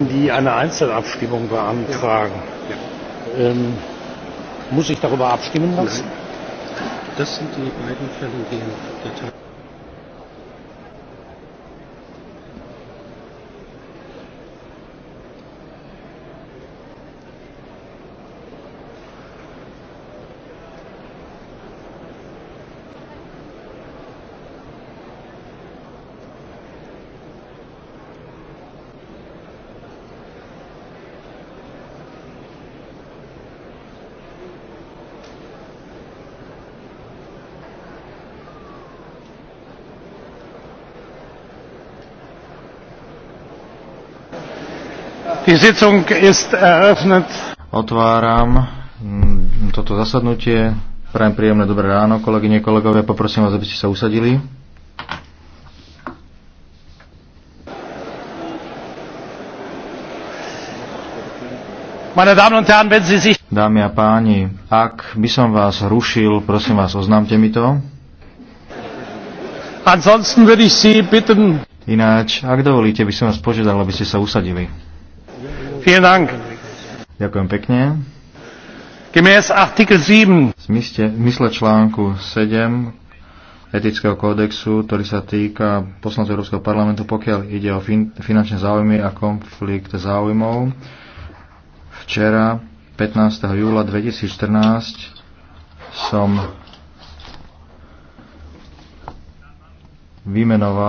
die eine Einzelabstimmung beantragen. Ja. Ja. Ähm, muss ich darüber abstimmen lassen? Nein. Das sind die beiden Fälle, die in der Tat Otváram mm, toto zasadnutie. Prajem príjemné dobré ráno, kolegyne, kolegovia. Poprosím vás, aby ste sa usadili. Dámy a páni, ak by som vás rušil, prosím vás, oznámte mi to. Ináč, ak dovolíte, by som vás požiadal, aby ste sa usadili. Vielen Dank. Ďakujem pekne. Gemäß Artikel 7. V zmysle, v zmysle článku 7 etického kódexu, ktorý sa týka poslancov Európskeho parlamentu, pokiaľ ide o fin, finančné záujmy a konflikt záujmov, včera 15. júla 2014 som vymenoval